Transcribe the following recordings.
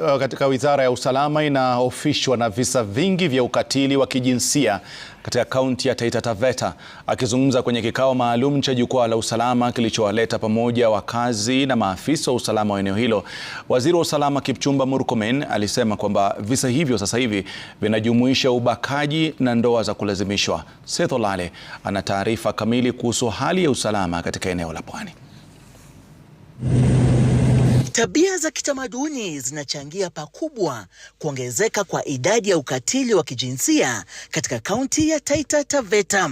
Eh, katika wizara ya usalama inaofishwa na visa vingi vya ukatili wa kijinsia katika kaunti ya Taita Taveta. Akizungumza kwenye kikao maalum cha jukwaa la usalama kilichowaleta pamoja wakazi na maafisa wa usalama wa eneo hilo, waziri wa usalama Kipchumba Murkomen alisema kwamba visa hivyo sasa hivi vinajumuisha ubakaji na ndoa za kulazimishwa. setholale ana taarifa kamili kuhusu hali ya usalama katika eneo la Pwani. Tabia za kitamaduni zinachangia pakubwa kuongezeka kwa idadi ya ukatili wa kijinsia katika kaunti ya Taita Taveta.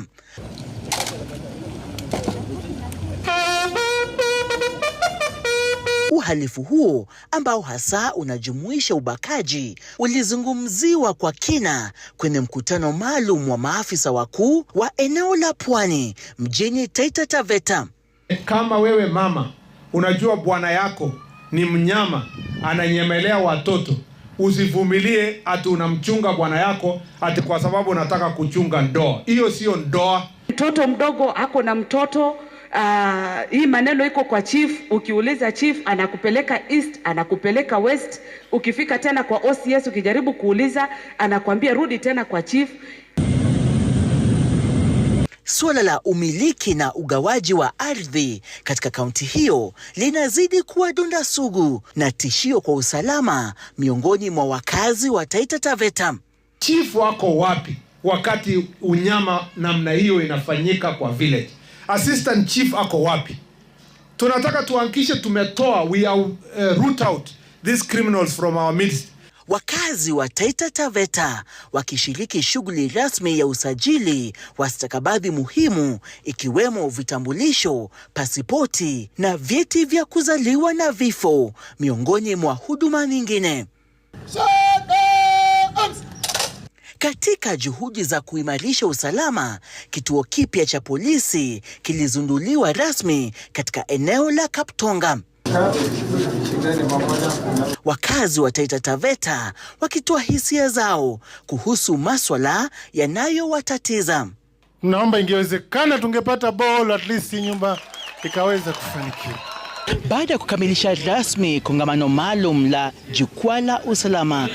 Uhalifu huo ambao hasa unajumuisha ubakaji ulizungumziwa kwa kina kwenye mkutano maalum wa maafisa wakuu wa eneo la Pwani mjini Taita Taveta. Kama wewe mama unajua bwana yako ni mnyama, ananyemelea watoto. Usivumilie ati unamchunga bwana yako ati kwa sababu unataka kuchunga ndoa. Hiyo sio ndoa. Mtoto mdogo ako na mtoto Uh, hii maneno iko kwa chief. Ukiuliza chief, anakupeleka east, anakupeleka west. Ukifika tena kwa OCS, ukijaribu kuuliza, anakwambia rudi tena kwa chief. Suala la umiliki na ugawaji wa ardhi katika kaunti hiyo linazidi kuwa donda sugu na tishio kwa usalama miongoni mwa wakazi wa Taita Taveta. Chief wako wapi wakati unyama namna hiyo inafanyika kwa village? Assistant chief ako wapi? Tunataka tuhakikishe tumetoa, we are uh, root out these criminals from our midst. Wakazi wa Taita Taveta wakishiriki shughuli rasmi ya usajili wa stakabadhi muhimu ikiwemo vitambulisho, pasipoti na vyeti vya kuzaliwa na vifo miongoni mwa huduma nyingine. Katika juhudi za kuimarisha usalama, kituo kipya cha polisi kilizunduliwa rasmi katika eneo la Kaptonga. Wakazi wa Taita Taveta wakitoa hisia zao kuhusu maswala yanayowatatiza. Naomba ingewezekana tungepata bol at least nyumba ikaweza kufanikiwa baada ya kukamilisha rasmi kongamano maalum la jukwaa la usalama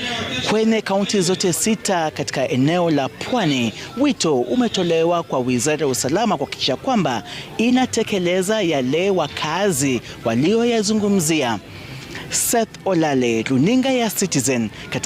kwenye kaunti zote sita katika eneo la Pwani, wito umetolewa kwa Wizara ya Usalama kuhakikisha kwamba inatekeleza yale wakazi walioyazungumzia. Seth Olale, Runinga ya Citizen katika